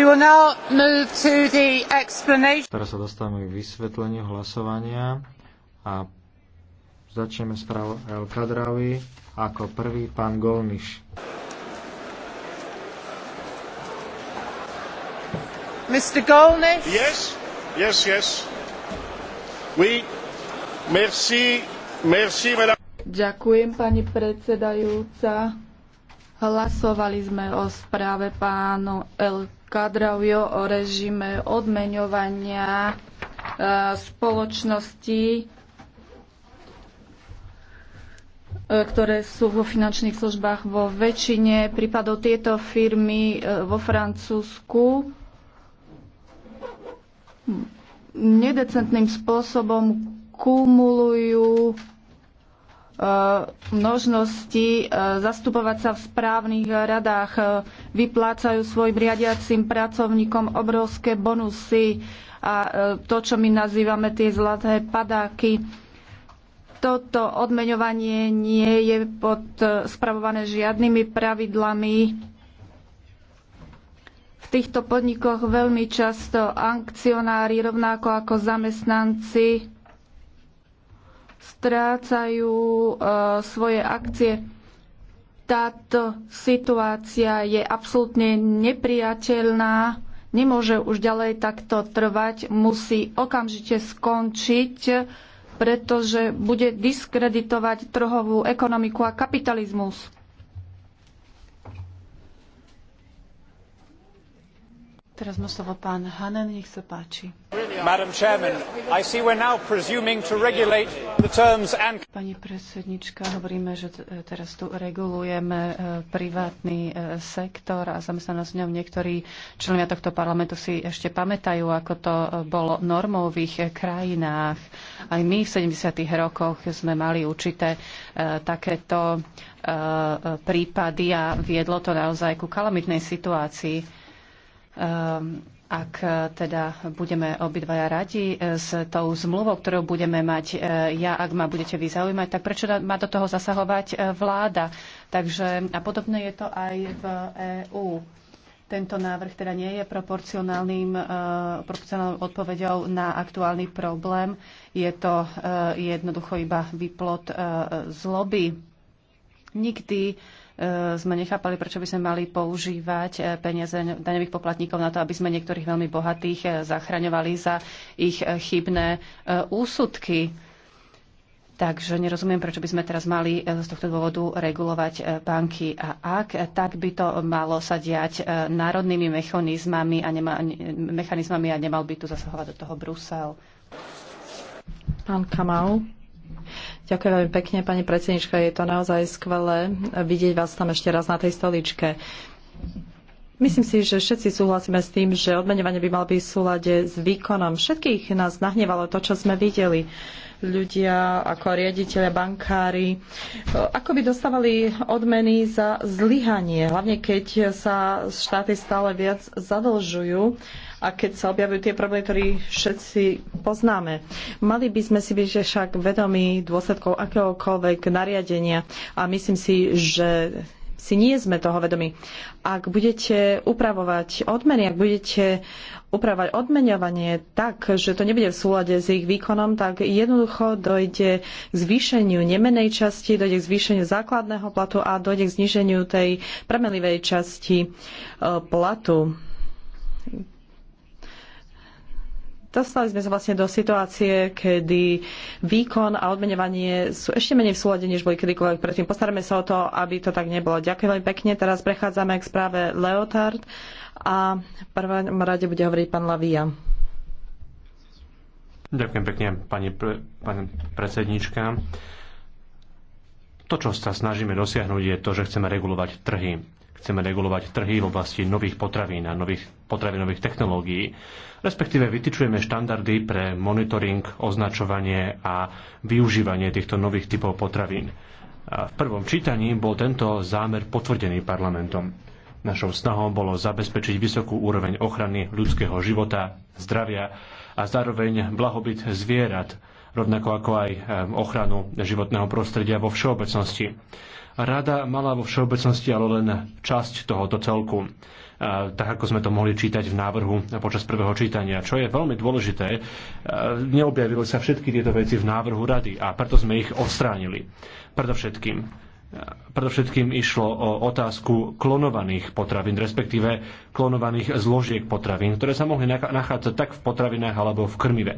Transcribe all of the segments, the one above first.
Teraz sa dostávame k vysvetleniu hlasovania a začneme s práv El Kadrawi ako prvý pán Golniš. Mr. Golniš? Yes, yes, yes. Oui, merci, merci, madame. Ďakujem, pani predsedajúca. Hlasovali sme o správe pánu El Kadraujo o režime odmeňovania e, spoločností, e, ktoré sú vo finančných službách vo väčšine prípadov tieto firmy e, vo Francúzsku nedecentným spôsobom kumulujú E, množnosti e, zastupovať sa v správnych radách. E, vyplácajú svojim riadiacim pracovníkom obrovské bonusy a to, čo my nazývame tie zlaté padáky. Toto odmeňovanie nie je pod spravované žiadnymi pravidlami V týchto podnikoch veľmi často akcionári, rovnako ako zamestnanci, strácajú e, svoje akcie. Táto situácia je absolútne nepriateľná, nemôže už ďalej takto trvať, musí okamžite skončiť, pretože bude diskreditovať trhovú ekonomiku a kapitalizmus. Teraz má slovo pán Hanen, nech sa páči. Pani predsednička, hovoríme, že e, teraz tu regulujeme e, privátny e, sektor a zamestnanosť v ňom niektorí členovia tohto parlamentu si ešte pamätajú, ako to bolo normou v ich krajinách. Aj my v 70. rokoch sme mali určité takéto prípady a viedlo to naozaj ku kalamitnej situácii Ehm, ak e, teda budeme obidvaja radi e, s tou zmluvou, ktorú budeme mať e, ja, ak ma budete vy zaujímať, tak prečo má do toho zasahovať vláda? Takže a podobné je to aj v EÚ. Tento návrh teda nie je proporcionálnym, proporcionálnou odpoveďou na aktuálny problém. Je to jednoducho iba vyplot zloby. Nikdy Eh, sme nechápali, prečo by sme mali používať eh, peniaze daňových poplatníkov na to, aby sme niektorých veľmi bohatých eh, zachraňovali za ich chybné úsudky. Takže nerozumiem, prečo by sme teraz mali z tohto dôvodu regulovať banky. A ak, tak by to malo sa diať národnými mechanizmami a, nema, mechanizmami a nemal by tu zasahovať do toho Brusel. Pán Kamau. Ďakujem veľmi pekne, pani predsednička. Je to naozaj skvelé vidieť vás tam ešte raz na tej stoličke. Myslím si, že všetci súhlasíme s tým, že odmenovanie by mal byť v súlade s výkonom. Všetkých nás nahnevalo to, čo sme videli. Ľudia ako riaditeľe, bankári, ako by dostávali odmeny za zlyhanie, hlavne keď sa štáty stále viac zadlžujú a keď sa objavujú tie problémy, ktoré všetci poznáme. Mali by sme si byť že však vedomí dôsledkov akéhokoľvek nariadenia a myslím si, že si nie sme toho vedomi. Ak budete upravovať odmeny, ak budete upravovať odmeňovanie tak, že to nebude v súlade s ich výkonom, tak jednoducho dojde k zvýšeniu nemenej časti, dojde k zvýšeniu základného platu a dojde k zniženiu tej premenlivej časti e, platu Dostali sme sa vlastne do situácie, kedy výkon a odmenovanie sú ešte menej v súlade, než boli kedykoľvek predtým. Postarame sa o to, aby to tak nebolo. Ďakujem veľmi pekne. Teraz prechádzame k správe Leotard a v prvom rade bude hovoriť pán Lavia. Ďakujem pekne, pani, pre, pani predsednička. To, čo sa snažíme dosiahnuť, je to, že chceme regulovať trhy chceme regulovať trhy v oblasti nových potravín a nových potravinových technológií. Respektíve vytyčujeme štandardy pre monitoring, označovanie a využívanie týchto nových typov potravín. A v prvom čítaní bol tento zámer potvrdený parlamentom. Našou snahou bolo zabezpečiť vysokú úroveň ochrany ľudského života, zdravia a zároveň blahobyt zvierat, rovnako ako aj e, ochranu životného prostredia vo všeobecnosti. Rada mala vo všeobecnosti ale len časť tohoto celku tak ako sme to mohli čítať v návrhu počas prvého čítania. Čo je veľmi dôležité, neobjavili sa všetky tieto veci v návrhu rady a preto sme ich odstránili. Predovšetkým Predovšetkým išlo o otázku klonovaných potravín, respektíve klonovaných zložiek potravín, ktoré sa mohli nachádzať tak v potravinách alebo v krmive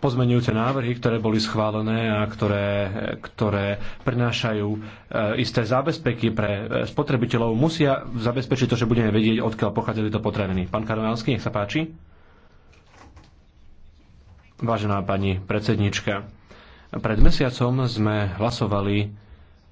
pozmenujúce návrhy, ktoré boli schválené a ktoré, ktoré prinášajú e, isté zábezpeky pre e, spotrebiteľov, musia zabezpečiť to, že budeme vedieť, odkiaľ pochádzajú tieto potraviny. Pán Karolánsky, nech sa páči. Vážená pani predsednička, pred mesiacom sme hlasovali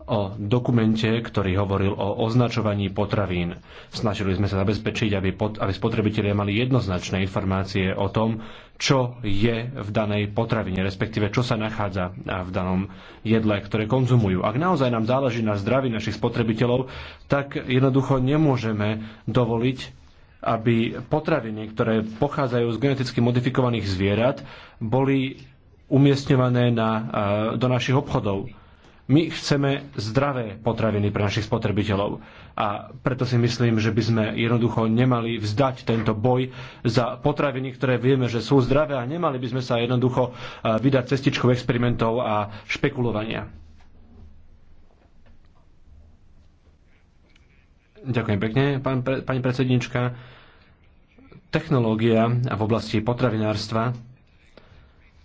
o dokumente, ktorý hovoril o označovaní potravín. Snažili sme sa zabezpečiť, aby, pot, aby spotrebitelia mali jednoznačné informácie o tom, čo je v danej potravine, respektíve čo sa nachádza v danom jedle, ktoré konzumujú. Ak naozaj nám záleží na zdraví našich spotrebiteľov, tak jednoducho nemôžeme dovoliť, aby potraviny, ktoré pochádzajú z geneticky modifikovaných zvierat, boli umiestňované na, do našich obchodov. My chceme zdravé potraviny pre našich spotrebiteľov a preto si myslím, že by sme jednoducho nemali vzdať tento boj za potraviny, ktoré vieme, že sú zdravé a nemali by sme sa jednoducho vydať cestičkou experimentov a špekulovania. Ďakujem pekne, pán, pani predsednička. Technológia v oblasti potravinárstva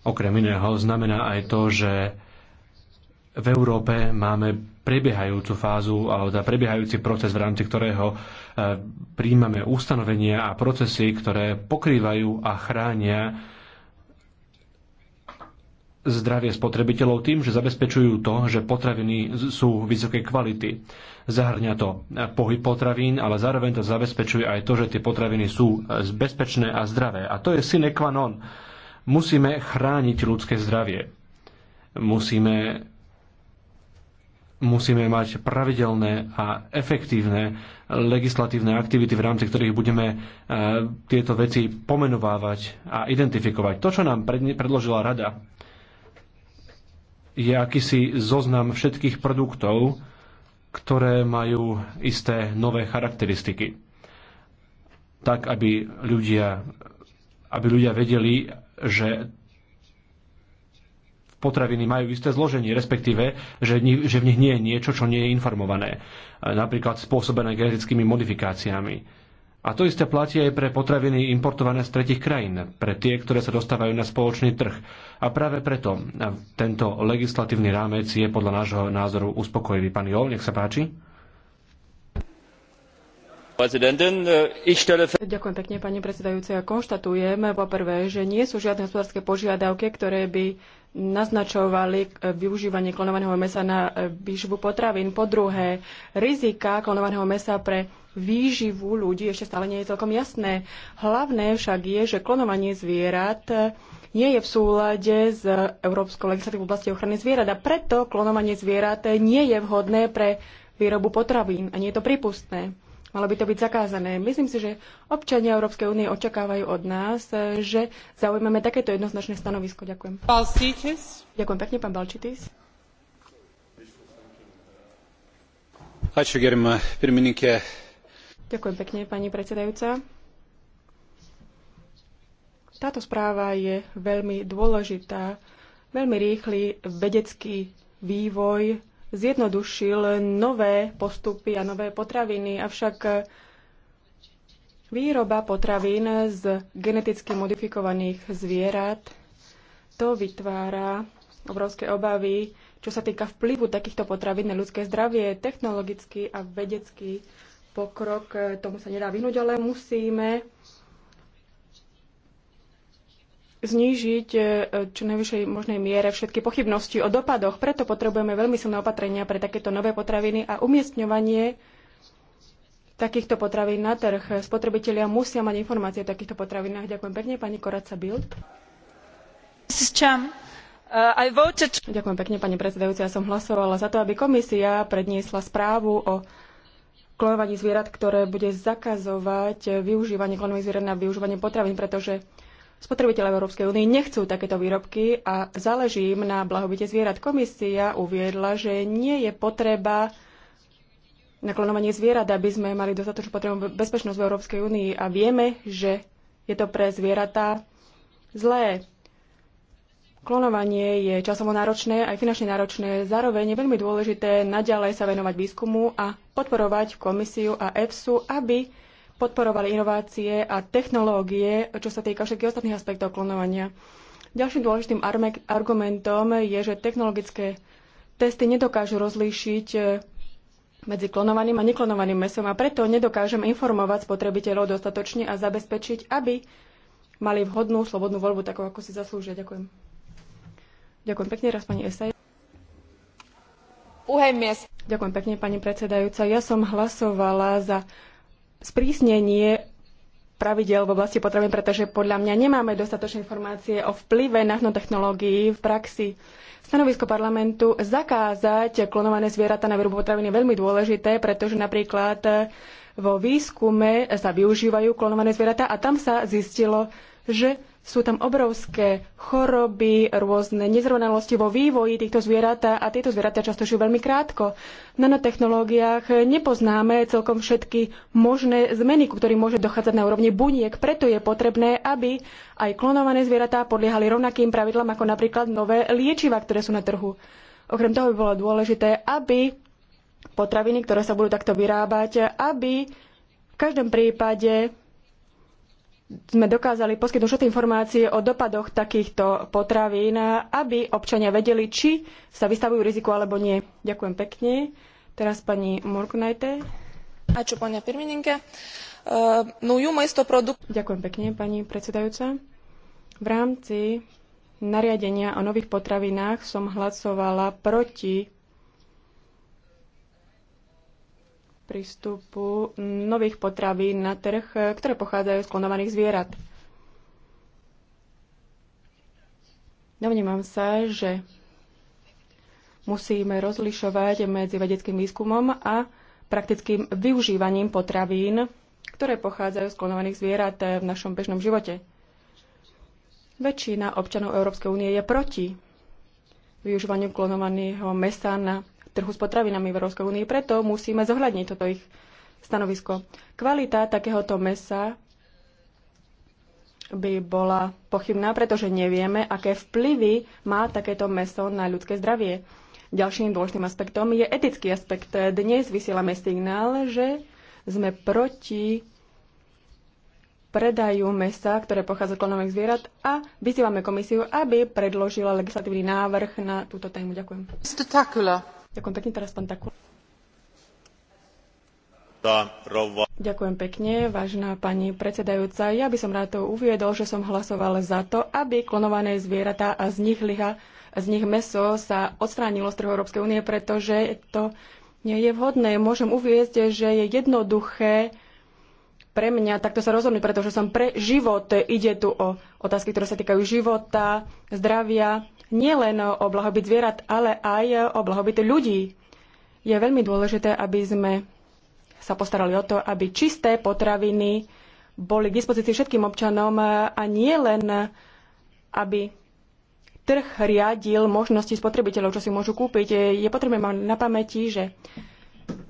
okrem iného znamená aj to, že v Európe máme prebiehajúcu fázu alebo teda prebiehajúci proces, v rámci ktorého e, príjmame ustanovenia a procesy, ktoré pokrývajú a chránia zdravie spotrebiteľov tým, že zabezpečujú to, že potraviny sú vysokej kvality. Zahrňa to pohyb potravín, ale zároveň to zabezpečuje aj to, že tie potraviny sú e, bezpečné a zdravé. A to je sine qua non. Musíme chrániť ľudské zdravie. Musíme musíme mať pravidelné a efektívne legislatívne aktivity, v rámci ktorých budeme e, tieto veci pomenovávať a identifikovať. To, čo nám predložila rada, je akýsi zoznam všetkých produktov, ktoré majú isté nové charakteristiky. Tak, aby ľudia, aby ľudia vedeli, že potraviny majú isté zloženie, respektíve, že, že v nich nie je niečo, čo nie je informované, napríklad spôsobené genetickými modifikáciami. A to isté platí aj pre potraviny importované z tretich krajín, pre tie, ktoré sa dostávajú na spoločný trh. A práve preto tento legislatívny rámec je podľa nášho názoru uspokojivý. Pán Jol, nech sa páči. Äh, Ďakujem pekne, pani predsedajúca. Konštatujem poprvé, že nie sú žiadne hospodárske požiadavky, ktoré by naznačovali e, využívanie klonovaného mäsa na e, výživu potravín. Po druhé, rizika klonovaného mäsa pre výživu ľudí ešte stále nie je celkom jasné. Hlavné však je, že klonovanie zvierat e, nie je v súlade s európskou legislatívou v oblasti ochrany zvierat a preto klonovanie zvierat nie je vhodné pre výrobu potravín a nie je to prípustné. Malo by to byť zakázané. Myslím si, že občania Európskej únie očakávajú od nás, že zaujmeme takéto jednoznačné stanovisko. Ďakujem. Balčitis. Ďakujem pekne, pán Balčitis. Ďakujem pekne, pani predsedajúca. Táto správa je veľmi dôležitá. Veľmi rýchly vedecký vývoj zjednodušil nové postupy a nové potraviny, avšak výroba potravín z geneticky modifikovaných zvierat to vytvára obrovské obavy, čo sa týka vplyvu takýchto potravín na ľudské zdravie, technologický a vedecký pokrok. Tomu sa nedá vyhnúť, ale musíme znížiť e, e, čo najvyššej možnej miere všetky pochybnosti o dopadoch. Preto potrebujeme veľmi silné opatrenia pre takéto nové potraviny a umiestňovanie takýchto potravín na trh. Spotrebitelia musia mať informácie o takýchto potravinách. Ďakujem pekne, pani Koraca Bild. Uh, Ďakujem pekne, pani predsedajúca. Ja som hlasovala za to, aby komisia predniesla správu o klonovaní zvierat, ktoré bude zakazovať využívanie klonových zvierat na využívanie potravín, pretože Spotrebitelia v Európskej únii nechcú takéto výrobky a záleží im na blahobite zvierat. Komisia uviedla, že nie je potreba naklonovanie zvierat, aby sme mali dostatočnú potrebu bezpečnosť v Európskej únii a vieme, že je to pre zvieratá zlé. Klonovanie je časovo náročné, aj finančne náročné. Zároveň je veľmi dôležité naďalej sa venovať výskumu a podporovať komisiu a EFSU, aby podporovali inovácie a technológie, čo sa týka všetkých ostatných aspektov klonovania. Ďalším dôležitým argumentom je, že technologické testy nedokážu rozlíšiť e, medzi klonovaným a neklonovaným mesom a preto nedokážem informovať spotrebiteľov dostatočne a zabezpečiť, aby mali vhodnú slobodnú voľbu, takú, ako si zaslúžia. Ďakujem. Ďakujem pekne, raz pani Esaj. Ďakujem pekne, pani predsedajúca. Ja som hlasovala za sprísnenie pravidel v oblasti potravín, pretože podľa mňa nemáme dostatočné informácie o vplyve nanotechnológií v praxi. Stanovisko parlamentu zakázať klonované zvieratá na výrobu potravín je veľmi dôležité, pretože napríklad vo výskume sa využívajú klonované zvieratá a tam sa zistilo, že sú tam obrovské choroby, rôzne nezrovnalosti vo vývoji týchto zvieratá a tieto zvieratá často žijú veľmi krátko. V nanotechnológiách nepoznáme celkom všetky možné zmeny, ku ktorým môže dochádzať na úrovni buniek. Preto je potrebné, aby aj klonované zvieratá podliehali rovnakým pravidlám ako napríklad nové liečiva, ktoré sú na trhu. Okrem toho by bolo dôležité, aby potraviny, ktoré sa budú takto vyrábať, aby v každom prípade sme dokázali poskytnúť všetky informácie o dopadoch takýchto potravín, aby občania vedeli, či sa vystavujú riziku alebo nie. Ďakujem pekne. Teraz pani Morkunajte. Ačiū, Uh, e, no, Naujų isto produkt. Ďakujem pekne, pani predsedajúca. V rámci nariadenia o nových potravinách som hlasovala proti prístupu nových potravín na trh, ktoré pochádzajú z klonovaných zvierat. Domnívam sa, že musíme rozlišovať medzi vedeckým výskumom a praktickým využívaním potravín, ktoré pochádzajú z klonovaných zvierat v našom bežnom živote. Väčšina občanov Európskej únie je proti využívaniu klonovaného mesa na trhu s potravinami v Európskej únii. Preto musíme zohľadniť toto ich stanovisko. Kvalita takéhoto mesa by bola pochybná, pretože nevieme, aké vplyvy má takéto meso na ľudské zdravie. Ďalším dôležitým aspektom je etický aspekt. Dnes vysielame signál, že sme proti predajú mesa, ktoré pochádza z klonových zvierat a vyzývame komisiu, aby predložila legislatívny návrh na túto tému. Ďakujem. Ďakujem pekne, teraz pán Takula. Ďakujem pekne, vážená pani predsedajúca. Ja by som rád to uviedol, že som hlasoval za to, aby klonované zvieratá a z nich, liha, z nich meso sa odstránilo z trhu Európskej únie, pretože to nie je vhodné. Môžem uviezť, že je jednoduché pre mňa takto sa rozhodnúť, pretože som pre život. Ide tu o otázky, ktoré sa týkajú života, zdravia nielen o blahobyt zvierat, ale aj o blahobyt ľudí. Je veľmi dôležité, aby sme sa postarali o to, aby čisté potraviny boli k dispozícii všetkým občanom a nie len, aby trh riadil možnosti spotrebiteľov, čo si môžu kúpiť. Je potrebné mať na pamäti, že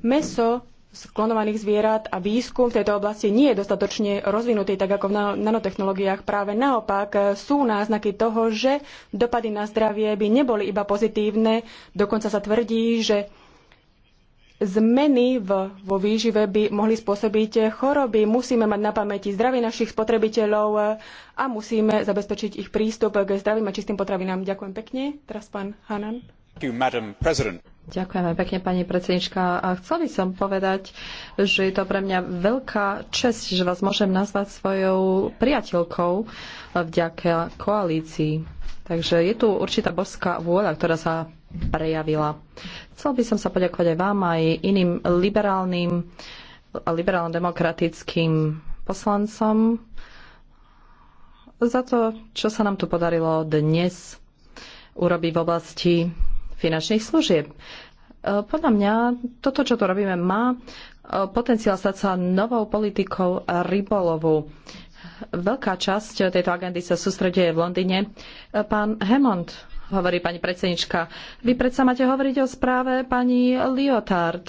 meso sklonovaných zvierat a výskum v tejto oblasti nie je dostatočne rozvinutý, tak ako v nanotechnológiách. Práve naopak e, sú náznaky toho, že dopady na zdravie by neboli iba pozitívne. Dokonca sa tvrdí, že zmeny v, vo výžive by mohli spôsobiť choroby. Musíme mať na pamäti zdravie našich spotrebiteľov e, a musíme zabezpečiť ich prístup k zdravým a čistým potravinám. Ďakujem pekne. Teraz pán Hanan. You, Ďakujem pekne, pani predsednička. A chcel by som povedať, že je to pre mňa veľká čest, že vás môžem nazvať svojou priateľkou vďaka koalícii. Takže je tu určitá božská vôľa, ktorá sa prejavila. Chcel by som sa poďakovať aj vám, aj iným liberálnym a liberálno-demokratickým poslancom za to, čo sa nám tu podarilo dnes urobiť v oblasti finančných služieb. E, podľa mňa toto, čo tu robíme, má e, potenciál stať sa novou politikou rybolovu. Veľká časť tejto agendy sa sústreduje v Londýne. E, pán Hemond, hovorí pani predsednička, vy predsa máte hovoriť o správe pani Liotard.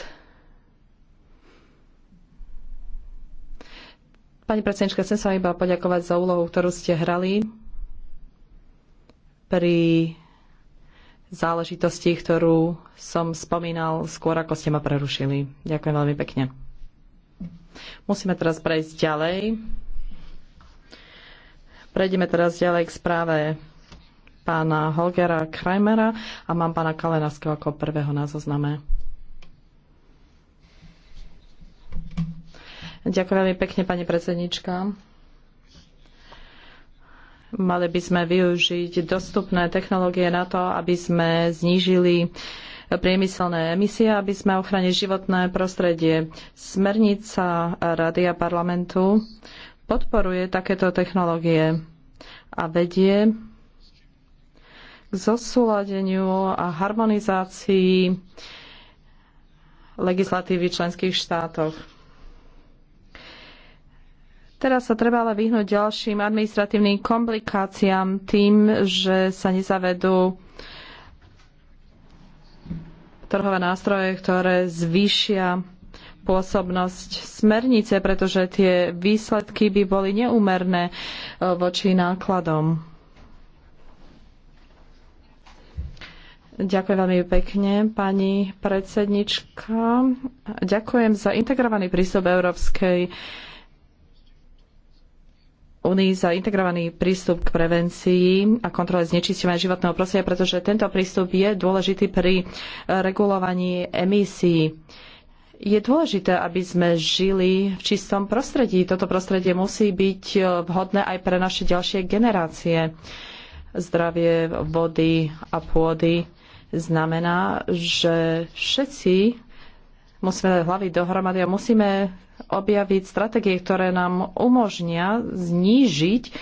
Pani predsednička, chcem sa iba poďakovať za úlohu, ktorú ste hrali pri záležitosti, ktorú som spomínal skôr, ako ste ma prerušili. Ďakujem veľmi pekne. Musíme teraz prejsť ďalej. Prejdeme teraz ďalej k správe pána Holgera Kramera a mám pána Kalenárskeho ako prvého na zozname. Ďakujem veľmi pekne, pani predsednička. Mali by sme využiť dostupné technológie na to, aby sme znížili priemyselné emisie, aby sme ochránili životné prostredie. Smernica Rady a parlamentu podporuje takéto technológie a vedie k zosúladeniu a harmonizácii legislatívy v členských štátoch Teraz sa treba ale vyhnúť ďalším administratívnym komplikáciám tým, že sa nezavedú trhové nástroje, ktoré zvýšia pôsobnosť smernice, pretože tie výsledky by boli neúmerné eh, voči nákladom. Ďakujem veľmi pekne, pani predsednička. Ďakujem za integrovaný prístup Európskej Únii za integrovaný prístup k prevencii a kontrole znečisťovania životného prostredia, pretože tento prístup je dôležitý pri eh, regulovaní emisí. Je dôležité, aby sme žili v čistom prostredí. Toto prostredie musí byť eh, vhodné aj pre naše ďalšie generácie. Zdravie vody a pôdy znamená, že všetci Musíme dať hlavy dohromady a musíme objaviť stratégie, ktoré nám umožnia znížiť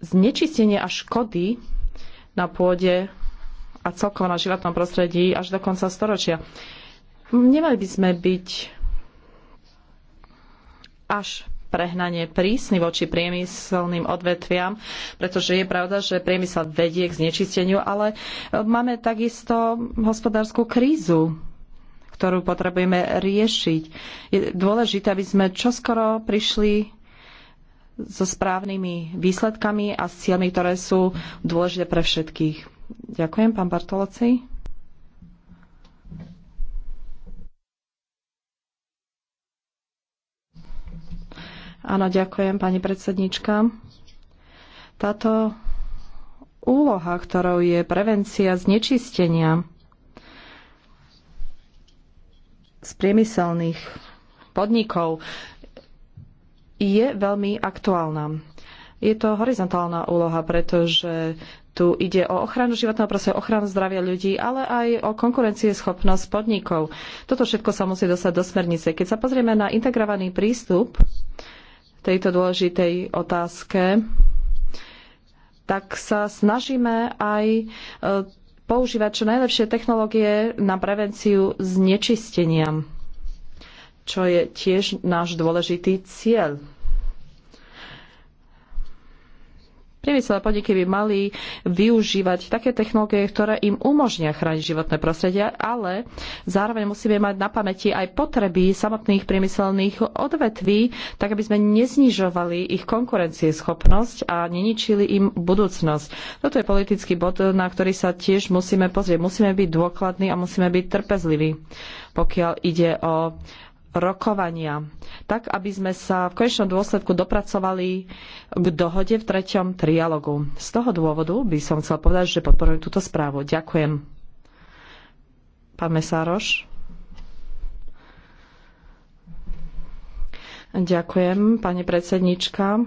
znečistenie a škody na pôde a celkovo na životnom prostredí až do konca storočia. Nemali by sme byť až prehnanie prísny voči priemyselným odvetviam, pretože je pravda, že priemysel vedie k znečisteniu, ale e, máme takisto hospodárskú krízu ktorú potrebujeme riešiť. Je dôležité, aby sme čoskoro prišli so správnymi výsledkami a s cieľmi, ktoré sú dôležité pre všetkých. Ďakujem, pán Bartoloci. Áno, ďakujem, pani predsednička. Táto úloha, ktorou je prevencia znečistenia z priemyselných podnikov, je veľmi aktuálna. Je to horizontálna úloha, pretože tu ide o ochranu životného prostredia, ochranu zdravia ľudí, ale aj o konkurencieschopnosť podnikov. Toto všetko sa musí dostať do smernice. Keď sa pozrieme na integrovaný prístup, tejto dôležitej otázke, tak sa snažíme aj e, používať čo najlepšie technológie na prevenciu znečistenia, čo je tiež náš dôležitý cieľ. priemyselné podniky by mali využívať také technológie, ktoré im umožnia chrániť životné prostredie, ale zároveň musíme mať na pamäti aj potreby samotných priemyselných odvetví, tak aby sme neznižovali ich konkurencieschopnosť a neničili im budúcnosť. Toto je politický bod, na ktorý sa tiež musíme pozrieť. Musíme byť dôkladní a musíme byť trpezliví, pokiaľ ide o rokovania, tak aby sme sa v konečnom dôsledku dopracovali k dohode v treťom trialogu. Z toho dôvodu by som chcel povedať, že podporujem túto správu. Ďakujem. Pán Mesároš. Ďakujem, pani predsednička.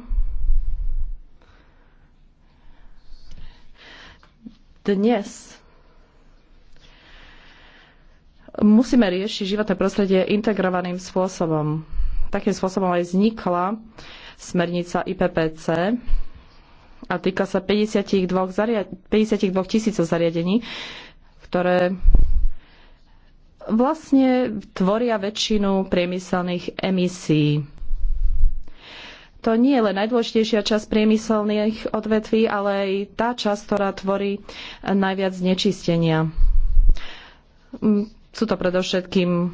Dnes musíme riešiť životné prostredie integrovaným spôsobom. Takým spôsobom aj vznikla smernica IPPC a týka sa 52, zariad- 52 zariadení, ktoré vlastne tvoria väčšinu priemyselných emisí. To nie je len najdôležitejšia časť priemyselných odvetví, ale aj tá časť, ktorá tvorí najviac znečistenia sú to predovšetkým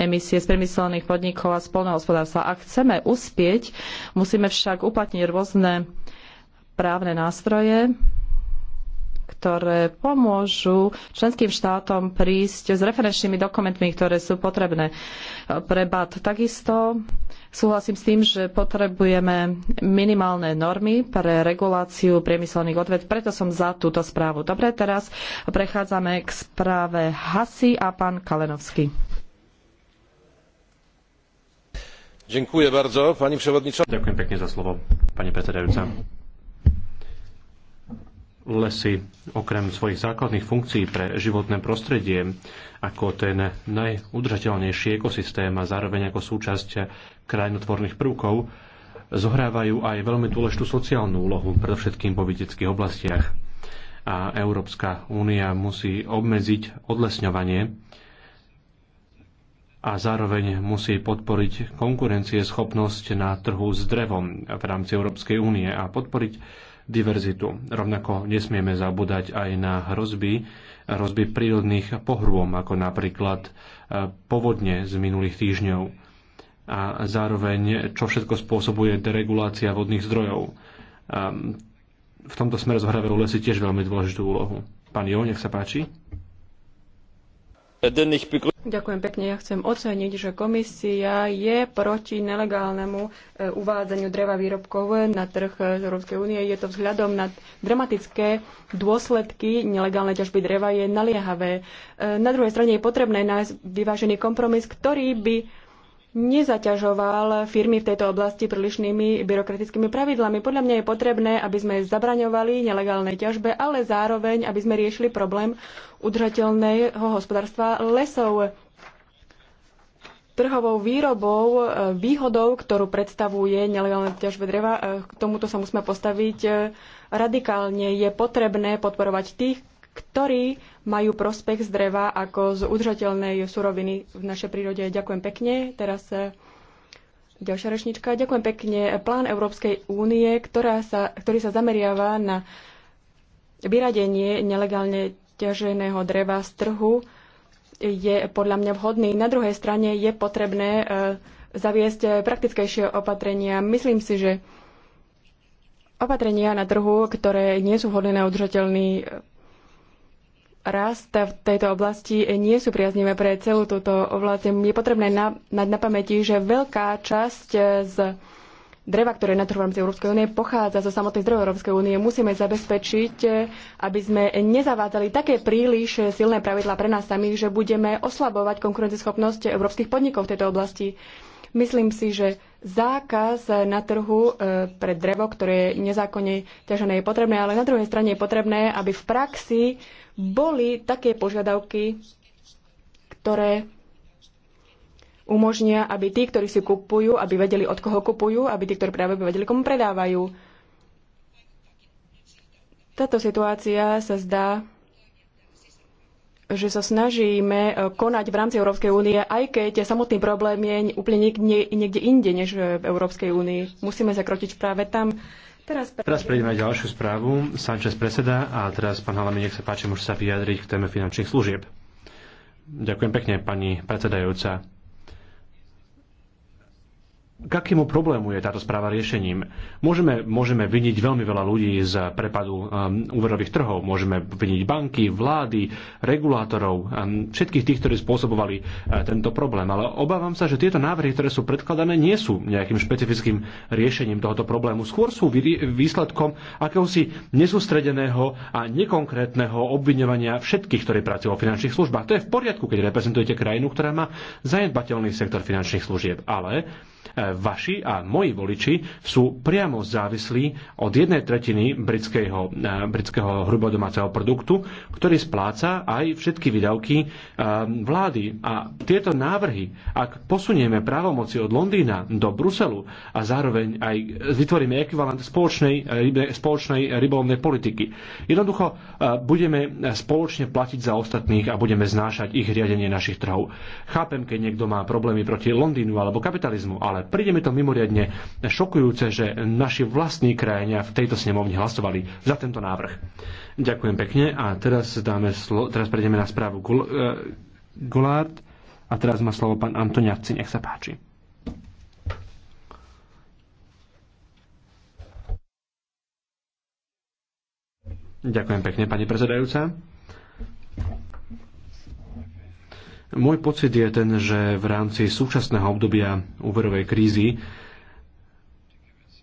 emisie z priemyselných podnikov a spolnohospodárstva. Ak chceme uspieť, musíme však uplatniť rôzne právne nástroje, ktoré pomôžu členským štátom prísť s referenčnými dokumentmi, ktoré sú potrebné pre BAT. Takisto Súhlasím s tým, že potrebujeme minimálne normy pre reguláciu priemyselných odvet, preto som za túto správu. Dobre, teraz prechádzame k správe Hasi a pán Kalenovský. Ďakujem, Ďakujem pekne za slovo, pani predsedajúca lesy okrem svojich základných funkcií pre životné prostredie ako ten najudržateľnejší ekosystém a zároveň ako súčasť krajinotvorných prvkov, zohrávajú aj veľmi dôležitú sociálnu úlohu, predovšetkým po vidieckých oblastiach. A Európska únia musí obmedziť odlesňovanie a zároveň musí podporiť konkurencieschopnosť na trhu s drevom v rámci Európskej únie a podporiť diverzitu. Rovnako nesmieme zabúdať aj na hrozby, hrozby prírodných pohrôm, ako napríklad e, povodne z minulých týždňov a zároveň čo všetko spôsobuje deregulácia vodných zdrojov. E, v tomto smere zohrávajú lesy tiež veľmi dôležitú úlohu. Pán Jo, nech sa páči. Ďakujem pekne. Ja chcem oceniť, že komisia je proti nelegálnemu e, uvádzaniu dreva výrobkov na trh Európskej únie. Je to vzhľadom na dramatické dôsledky nelegálnej ťažby dreva je naliehavé. E, na druhej strane je potrebné nájsť vyvážený kompromis, ktorý by nezaťažoval firmy v tejto oblasti prílišnými byrokratickými pravidlami. Podľa mňa je potrebné, aby sme zabraňovali nelegálnej ťažbe, ale zároveň, aby sme riešili problém udržateľného hospodárstva lesov. Trhovou výrobou, e, výhodou, ktorú predstavuje nelegálne ťažbe dreva, e, k tomuto sa musíme postaviť e, radikálne. Je potrebné podporovať tých, ktorí majú prospech z dreva ako z udržateľnej suroviny v našej prírode. Ďakujem pekne. Teraz e, ďalšia rečnička. Ďakujem pekne. Plán Európskej únie, ktorá sa, ktorý sa zameriava na vyradenie nelegálne ťaženého dreva z trhu, je podľa mňa vhodný. Na druhej strane je potrebné e, zaviesť praktickejšie opatrenia. Myslím si, že opatrenia na trhu, ktoré nie sú vhodné na udržateľný rast v tejto oblasti nie sú priaznivé pre celú túto oblasť. Je potrebné na, mať na pamäti, že veľká časť z dreva, ktoré na trhu v rámci Európskej únie pochádza zo samotných zdrojov Európskej únie. Musíme zabezpečiť, aby sme nezavádzali také príliš silné pravidlá pre nás samých, že budeme oslabovať konkurencieschopnosť európskych podnikov v tejto oblasti. Myslím si, že zákaz na trhu e, pre drevo, ktoré je nezákonne ťažené, je potrebné, ale na druhej strane je potrebné, aby v praxi boli také požiadavky, ktoré umožnia, aby tí, ktorí si kupujú, aby vedeli, od koho kupujú, aby tí, ktorí predávajú, vedeli, komu predávajú. Táto situácia sa zdá, že sa snažíme e, konať v rámci Európskej únie, aj keď samotný problém je úplne niekde, niekde inde, než v Európskej únii. Musíme zakročiť práve tam, Teraz, pre... teraz prejdeme na ďalšiu správu. Sanchez preseda a teraz pán Halami, nech sa páči, môže sa vyjadriť k téme finančných služieb. Ďakujem pekne, pani predsedajúca k akému problému je táto správa riešením? Môžeme, môžeme viniť veľmi veľa ľudí z prepadu um, úverových trhov, môžeme viniť banky, vlády, regulátorov, um, všetkých tých, ktorí spôsobovali uh, tento problém. Ale obávam sa, že tieto návrhy, ktoré sú predkladané, nie sú nejakým špecifickým riešením tohoto problému. Skôr sú výsledkom akéhosi nesústredeného a nekonkrétneho obviňovania všetkých, ktorí pracujú vo finančných službách. To je v poriadku, keď reprezentujete krajinu, ktorá má zanedbateľný sektor finančných služieb. Ale E, vaši a moji voliči sú priamo závislí od jednej tretiny britského, e, britského hrubodomáceho produktu, ktorý spláca aj všetky výdavky e, vlády. A tieto návrhy, ak posunieme právomoci od Londýna do Bruselu a zároveň aj vytvoríme ekvivalent spoločnej, spoločnej rybolovnej politiky, jednoducho budeme spoločne platiť za ostatných a budeme znášať ich riadenie našich trhov. Chápem, keď niekto má problémy proti Londýnu alebo kapitalizmu, ale ale príde mi to mimoriadne šokujúce, že naši vlastní krajania v tejto snemovni hlasovali za tento návrh. Ďakujem pekne a teraz, dáme slo- teraz prejdeme na správu Gul- e, Gulard a teraz má slovo pán Antoniavci, nech sa páči. Ďakujem pekne, pani prezidajúca. Môj pocit je ten, že v rámci súčasného obdobia úverovej krízy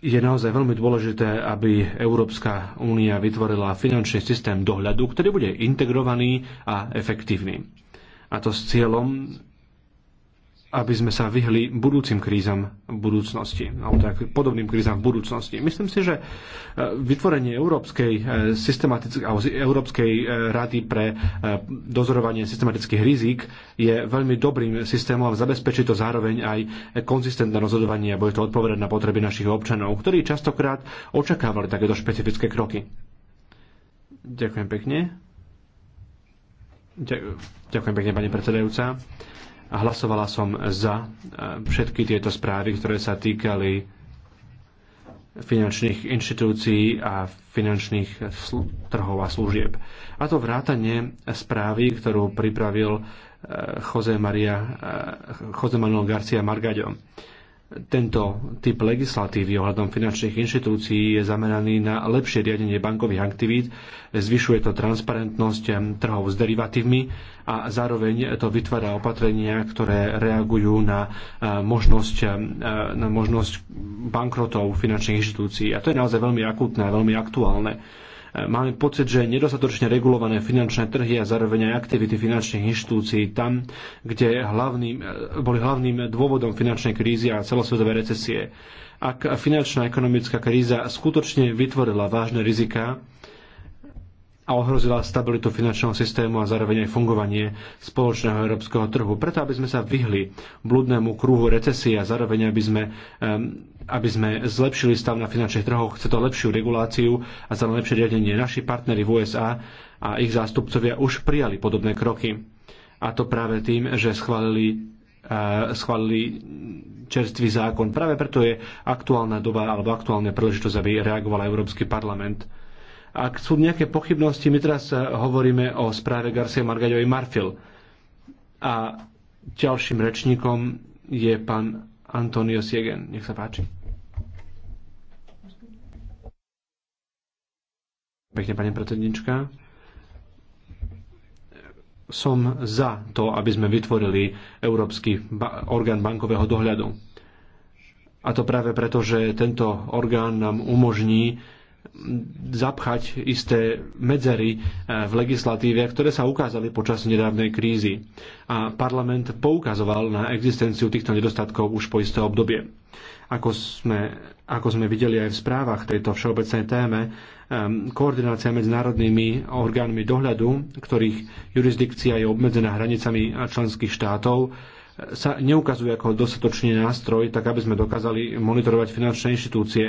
je naozaj veľmi dôležité, aby Európska únia vytvorila finančný systém dohľadu, ktorý bude integrovaný a efektívny. A to s cieľom aby sme sa vyhli budúcim krízam v budúcnosti, alebo tak podobným krízam v budúcnosti. Myslím si, že e, vytvorenie Európskej, e, Európskej e, rady pre dozorovanie systematických rizik je veľmi dobrým systémom a zabezpečí to zároveň aj konzistentné rozhodovanie a bude to odpovedať na potreby našich občanov, ktorí častokrát očakávali takéto špecifické kroky. Ďakujem pekne. Ďakujem pekne, pani predsedajúca a Hlasovala som za e, všetky tieto správy, ktoré sa týkali finančných inštitúcií a finančných trhov a služieb. A to vrátanie správy, ktorú pripravil e, Jose, Maria, e, Jose Manuel Garcia Margaďo tento typ legislatívy ohľadom finančných inštitúcií je zameraný na lepšie riadenie bankových aktivít, zvyšuje to transparentnosť trhov s derivatívmi a zároveň to vytvára opatrenia, ktoré reagujú na e, možnosť, e, na možnosť bankrotov finančných inštitúcií. A to je naozaj veľmi akútne a veľmi aktuálne Máme pocit, že nedostatočne regulované finančné trhy a zároveň aj aktivity finančných inštitúcií tam, kde hlavným, boli hlavným dôvodom finančnej krízy a celosvetovej recesie. Ak finančná ekonomická kríza skutočne vytvorila vážne rizika, a ohrozila stabilitu finančného systému a zároveň aj fungovanie spoločného európskeho trhu. Preto, aby sme sa vyhli blúdnemu kruhu recesie a zároveň, aby sme, aby sme zlepšili stav na finančných trhoch, chce to lepšiu reguláciu a za lepšie riadenie. Naši partnery v USA a ich zástupcovia už prijali podobné kroky. A to práve tým, že schválili e, schválili čerstvý zákon. Práve preto je aktuálna doba alebo aktuálne príležitosť, aby reagoval Európsky parlament ak sú nejaké pochybnosti, my teraz eh, hovoríme o správe Garcia Margaďovej Marfil. A ďalším rečníkom je pán Antonio Siegen. Nech sa páči. Pekne, pani predsednička som za to, aby sme vytvorili Európsky orgán bankového dohľadu. A to práve preto, že tento orgán nám umožní zapchať isté medzery e, v legislatíve, ktoré sa ukázali počas nedávnej krízy. A parlament poukazoval na existenciu týchto nedostatkov už po isté obdobie. Ako sme, ako sme videli aj v správach tejto všeobecnej téme, e, koordinácia medzi národnými orgánmi dohľadu, ktorých jurisdikcia je obmedzená hranicami členských štátov, e, sa neukazuje ako dostatočný nástroj, tak aby sme dokázali monitorovať finančné inštitúcie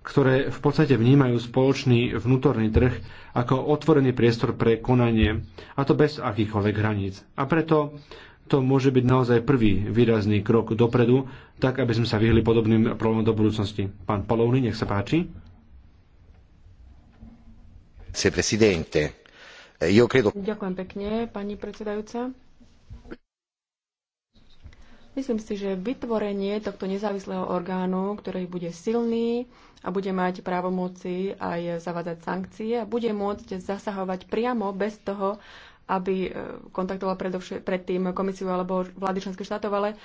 ktoré v podstate vnímajú spoločný vnútorný trh ako otvorený priestor pre konanie, a to bez akýchkoľvek hraníc. A preto to môže byť naozaj prvý výrazný krok dopredu, tak aby sme sa vyhli podobným problémom do budúcnosti. Pán Palovny, nech sa páči. Ďakujem pekne, pani predsedajúca Myslím si, že vytvorenie tohto nezávislého orgánu, ktorý bude silný a bude mať právomoci aj zavádzať sankcie a bude môcť zasahovať priamo bez toho, aby e, kontaktoval predtým komisiu alebo vlády členských štátov, ale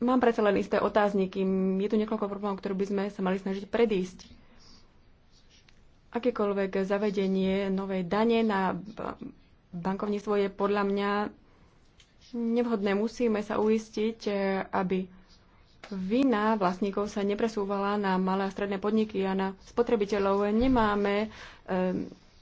mám predsa len isté otázniky. Je tu niekoľko problémov, ktoré by sme sa mali snažiť predísť. Akékoľvek zavedenie novej dane na bankovníctvo je podľa mňa nevhodné. Musíme sa uistiť, e, aby vina vlastníkov sa nepresúvala na malé a stredné podniky a na spotrebiteľov. Nemáme e,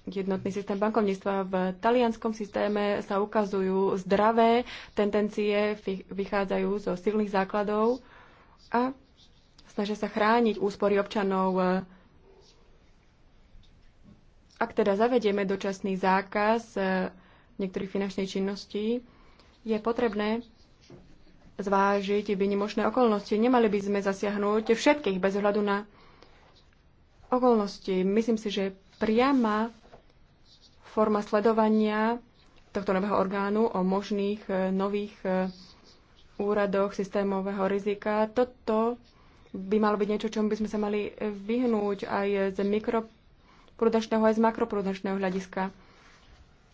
jednotný systém bankovníctva. V talianskom systéme sa ukazujú zdravé tendencie, vychádzajú zo silných základov a snažia sa chrániť úspory občanov. E, ak teda zavedieme dočasný zákaz niektorých finančnej činností je potrebné zvážiť vynimočné okolnosti. Nemali by sme zasiahnuť všetkých bez ohľadu na okolnosti. Myslím si, že priama forma sledovania tohto nového orgánu o možných eh, nových eh, úradoch systémového rizika, toto by malo byť niečo, čomu by sme sa mali eh, vyhnúť aj z mikroprudačného, aj z makroprudačného hľadiska.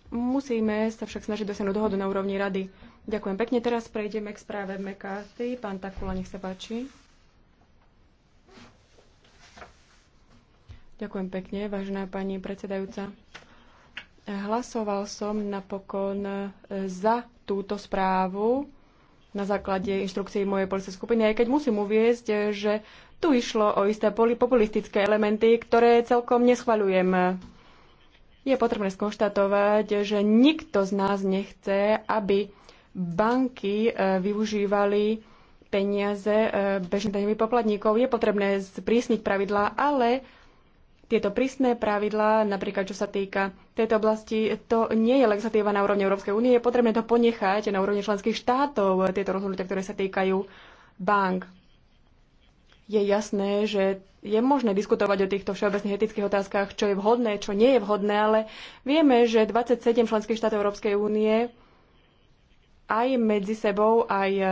Musíme sa však snažiť dosiahnuť dohodu na úrovni rady. Ďakujem pekne. Teraz prejdeme k správe McCarthy. Pán Takula, nech sa páči. Ďakujem pekne, vážená pani predsedajúca. Hlasoval som napokon e, za túto správu na základe inštrukcií mojej policie skupiny, aj keď musím uviezť, že tu išlo o isté populistické elementy, ktoré celkom neschvaľujem je potrebné skonštatovať, že nikto z nás nechce, aby banky e, využívali peniaze e, bežných daňových poplatníkov. Je potrebné sprísniť pravidlá, ale tieto prísne pravidlá, napríklad čo sa týka tejto oblasti, to nie je legislatíva na úrovni Európskej únie. Je potrebné to ponechať na úrovni členských štátov, e, tieto rozhodnutia, ktoré sa týkajú bank. Je jasné, že je možné diskutovať o týchto všeobecných etických otázkach, čo je vhodné, čo nie je vhodné, ale vieme, že 27 členských štátov Európskej únie aj medzi sebou, aj e,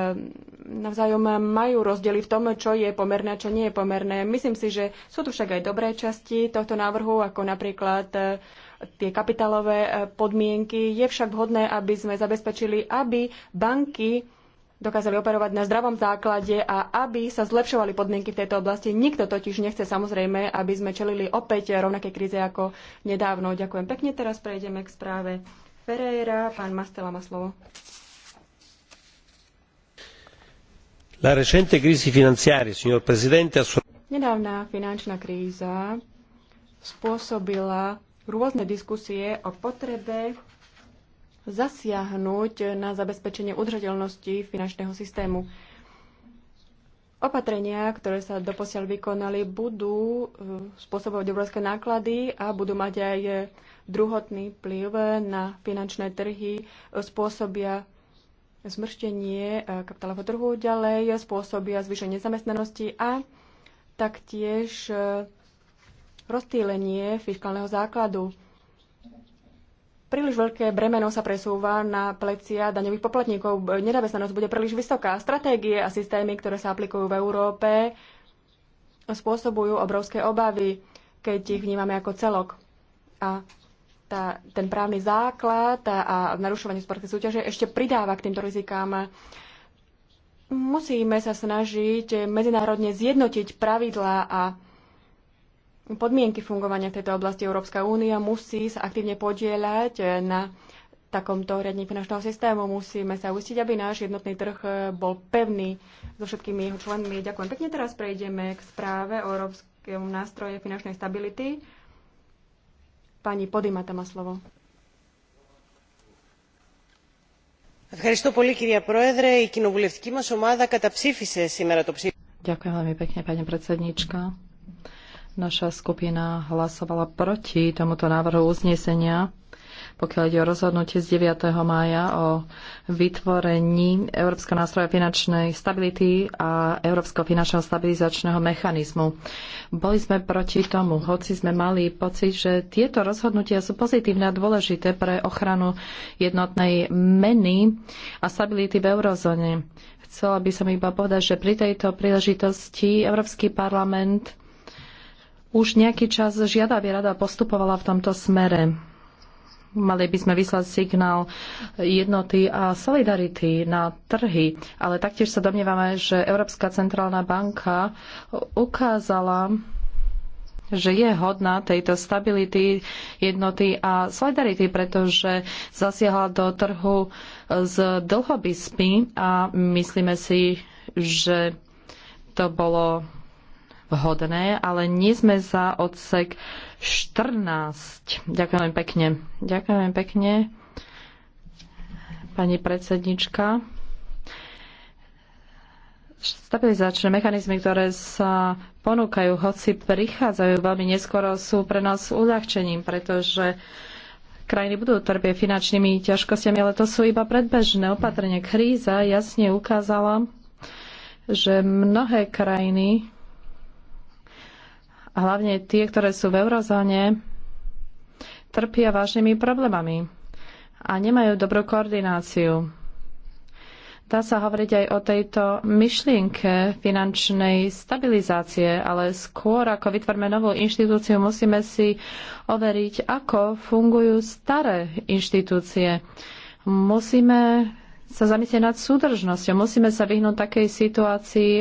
navzájom majú rozdiely v tom, čo je pomerné a čo nie je pomerné. Myslím si, že sú tu však aj dobré časti tohto návrhu, ako napríklad e, tie kapitálové e, podmienky. Je však vhodné, aby sme zabezpečili, aby banky dokázali operovať na zdravom základe a aby sa zlepšovali podmienky v tejto oblasti. Nikto totiž nechce samozrejme, aby sme čelili opäť rovnaké kríze ako nedávno. Ďakujem pekne. Teraz prejdeme k správe Ferreira. Pán Mastela má slovo. La recente crisi finanziaria, signor Presidente, Nedávna finančná kríza spôsobila rôzne diskusie o potrebe zasiahnuť na zabezpečenie udržateľnosti finančného systému. Opatrenia, ktoré sa doposiaľ vykonali, budú e, spôsobovať obrovské náklady a budú mať aj e, druhotný vplyv na finančné trhy, e, spôsobia zmrštenie kapitálového trhu ďalej, spôsobia zvýšenie zamestnanosti a taktiež roztýlenie fiskálneho základu. Príliš veľké bremeno sa presúva na plecia daňových poplatníkov. Nedávesnanosť bude príliš vysoká. Stratégie a systémy, ktoré sa aplikujú v Európe, spôsobujú obrovské obavy, keď ich vnímame ako celok. A tá, ten právny základ a narušovanie sportovej súťaže ešte pridáva k týmto rizikám. Musíme sa snažiť medzinárodne zjednotiť pravidlá a podmienky fungovania v tejto oblasti. Európska únia musí sa aktívne podieľať na takomto riadení finančného systému. Musíme sa uistiť, aby náš jednotný trh bol pevný so všetkými jeho členmi. Ďakujem pekne. Teraz prejdeme k správe o Európskom nástroje finančnej stability. Pani tam má slovo. Ďakujem veľmi pekne, pani predsednička. Naša skupina hlasovala proti tomuto návrhu uznesenia, pokiaľ ide o rozhodnutie z 9. mája o vytvorení Európskeho nástroja finančnej stability a Európskeho finančného stabilizačného mechanizmu. Boli sme proti tomu, hoci sme mali pocit, že tieto rozhodnutia sú pozitívne a dôležité pre ochranu jednotnej meny a stability v eurozóne. Chcela by som iba povedať, že pri tejto príležitosti Európsky parlament už nejaký čas žiada, aby rada postupovala v tomto smere. Mali by sme vyslať signál jednoty a solidarity na trhy, ale taktiež sa domnievame, že Európska centrálna banka ukázala, že je hodná tejto stability, jednoty a solidarity, pretože zasiahla do trhu z dlhobyspy a myslíme si, že to bolo vhodné, ale nie sme za odsek 14. Ďakujem pekne. Ďakujem pekne, pani predsednička. Stabilizačné mechanizmy, ktoré sa ponúkajú, hoci prichádzajú veľmi neskoro, sú pre nás uľahčením, pretože krajiny budú trpieť finančnými ťažkostiami, ale to sú iba predbežné opatrenia. Kríza jasne ukázala, že mnohé krajiny a hlavne tie, ktoré sú v eurozóne, trpia vážnymi problémami a nemajú dobrú koordináciu. Dá sa hovoriť aj o tejto myšlienke finančnej stabilizácie, ale skôr ako vytvorme novú inštitúciu, musíme si overiť, ako fungujú staré inštitúcie. Musíme sa zamyslieť nad súdržnosťou, musíme sa vyhnúť takej situácii,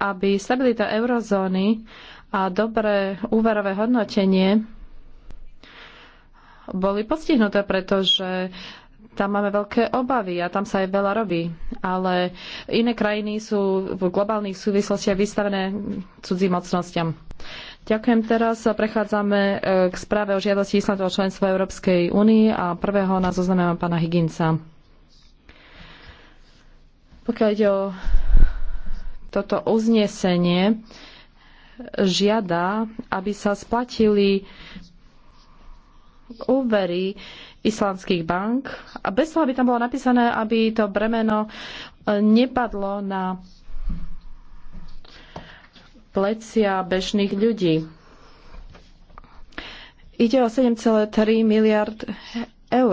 aby stabilita eurozóny a dobré úverové hodnotenie boli postihnuté, pretože tam máme veľké obavy a tam sa aj veľa robí. Ale iné krajiny sú v globálnych súvislostiach vystavené cudzím mocnostiam. Ďakujem teraz. Prechádzame eh, k správe o žiadosti Islandu o členstvo Európskej únii a prvého na zozname pána Higinca. Pokiaľ ide o toto uznesenie žiada, aby sa splatili úvery islamských bank a bez toho, aby tam bolo napísané, aby to bremeno e, nepadlo na plecia bežných ľudí. Ide o 7,3 miliard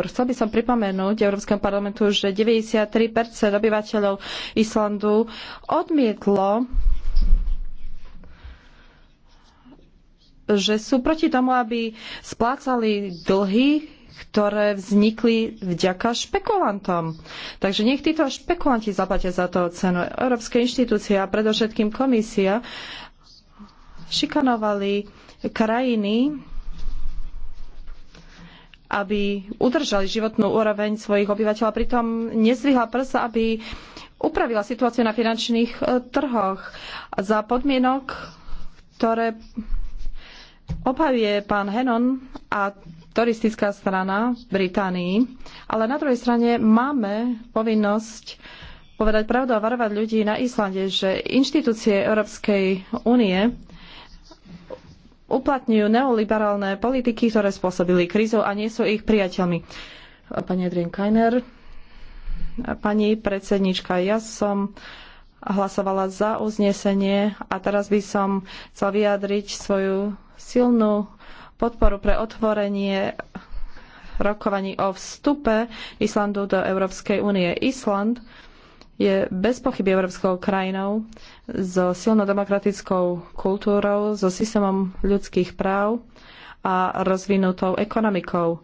neskôr. Chcel by som pripomenúť Európskom parlamentu, že 93% obyvateľov Islandu odmietlo že sú proti tomu, aby splácali dlhy, ktoré vznikli vďaka špekulantom. Takže nech títo špekulanti zaplatia za to cenu. Európske inštitúcie a predovšetkým komisia šikanovali krajiny, aby udržali životnú úroveň svojich obyvateľov a pritom nezvihla prsa, aby upravila situáciu na finančných e, trhoch za podmienok, ktoré obhavuje pán Henon a turistická strana v Británii. Ale na druhej strane máme povinnosť povedať pravdu a varovať ľudí na Islande, že inštitúcie Európskej únie uplatňujú neoliberálne politiky, ktoré spôsobili krízu a nie sú ich priateľmi. Pani Adrien Kajner, pani predsednička, ja som hlasovala za uznesenie a teraz by som chcel vyjadriť svoju silnú podporu pre otvorenie rokovaní o vstupe Islandu do Európskej únie. Island je bez pochyby európskou krajinou so silnou demokratickou kultúrou, so systémom ľudských práv a rozvinutou ekonomikou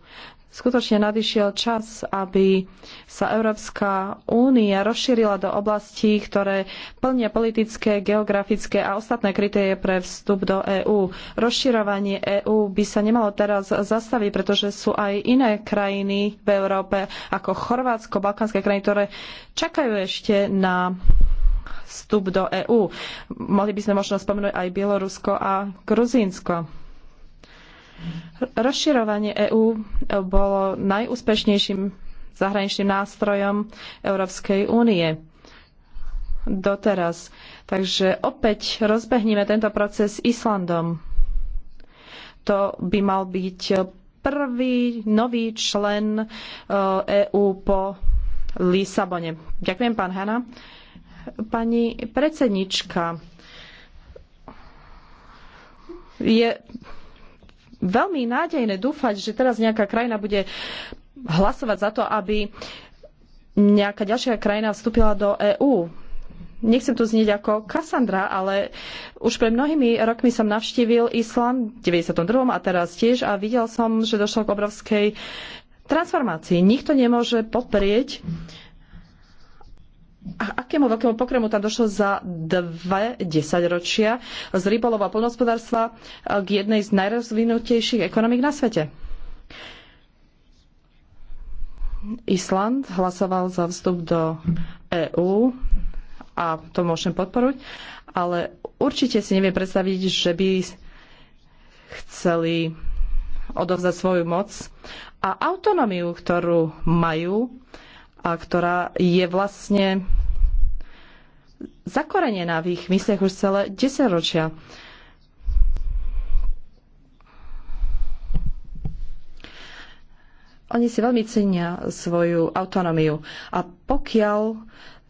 skutočne nadišiel čas, aby sa Európska únia rozšírila do oblastí, ktoré plnia politické, geografické a ostatné kritérie pre vstup do EÚ. Rozširovanie EÚ by sa nemalo teraz zastaviť, pretože sú aj iné krajiny v Európe, ako Chorvátsko, balkánske krajiny, ktoré čakajú ešte na vstup do EÚ. Mohli by sme možno spomenúť aj Bielorusko a Gruzínsko Rozširovanie EÚ bolo najúspešnejším zahraničným nástrojom Európskej únie doteraz. Takže opäť rozbehneme tento proces s Islandom. To by mal byť prvý nový člen EÚ eh, e po Lisabone. Ďakujem, pán Hanna. Pani predsednička, je veľmi nádejné dúfať, že teraz nejaká krajina bude hlasovať za to, aby nejaká ďalšia krajina vstúpila do EÚ. Nechcem tu znieť ako Kassandra, ale už pred mnohými rokmi som navštívil Island v 92. a teraz tiež a videl som, že došlo k obrovskej transformácii. Nikto nemôže poprieť, a akému veľkému pokrému tam došlo za dve desaťročia z rybolova poľnohospodárstva k jednej z najrozvinutejších ekonomík na svete? Island hlasoval za vstup do EÚ a to môžem podporuť, ale určite si neviem predstaviť, že by chceli odovzdať svoju moc a autonómiu, ktorú majú a ktorá je vlastne zakorenená v ich mysliach už celé desaťročia. Oni si veľmi cenia svoju autonómiu a pokiaľ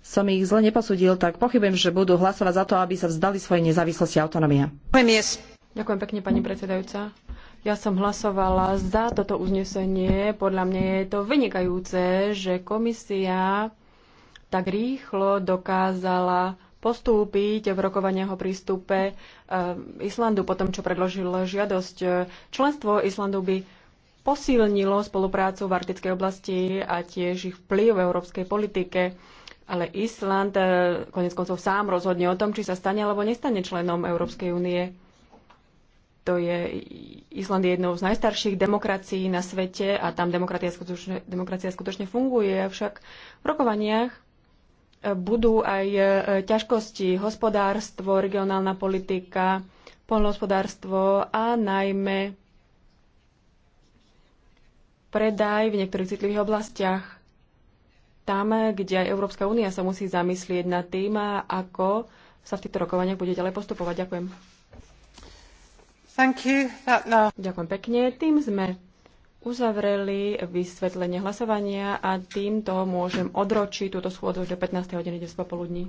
som ich zle neposudil, tak pochybujem, že budú hlasovať za to, aby sa vzdali svojej nezávislosti a autonómie. Ďakujem pekne, pani predsedajúca. Ja som hlasovala za toto uznesenie. Podľa mňa je to vynikajúce, že komisia tak rýchlo dokázala postúpiť v rokovaniach o prístupe eh, Islandu po tom, čo predložil žiadosť. Členstvo Islandu by posilnilo spoluprácu v arktickej oblasti a tiež ich vplyv v európskej politike. Ale Island eh, konec koncov sám rozhodne o tom, či sa stane alebo nestane členom Európskej únie to je, Island je jednou z najstarších demokracií na svete a tam demokracia skutočne, demokracia skutočne funguje, avšak v rokovaniach eh, budú aj eh, ťažkosti, hospodárstvo, regionálna politika, polnohospodárstvo a najmä predaj v niektorých citlivých oblastiach. Tam, kde aj Európska únia sa musí zamyslieť nad tým, ako sa v týchto rokovaniach bude ďalej postupovať. Ďakujem. Ďakujem pekne. Tým sme uzavreli vysvetlenie hlasovania a týmto môžem odročiť túto schôdzu do 15. hodiny dnes popoludní.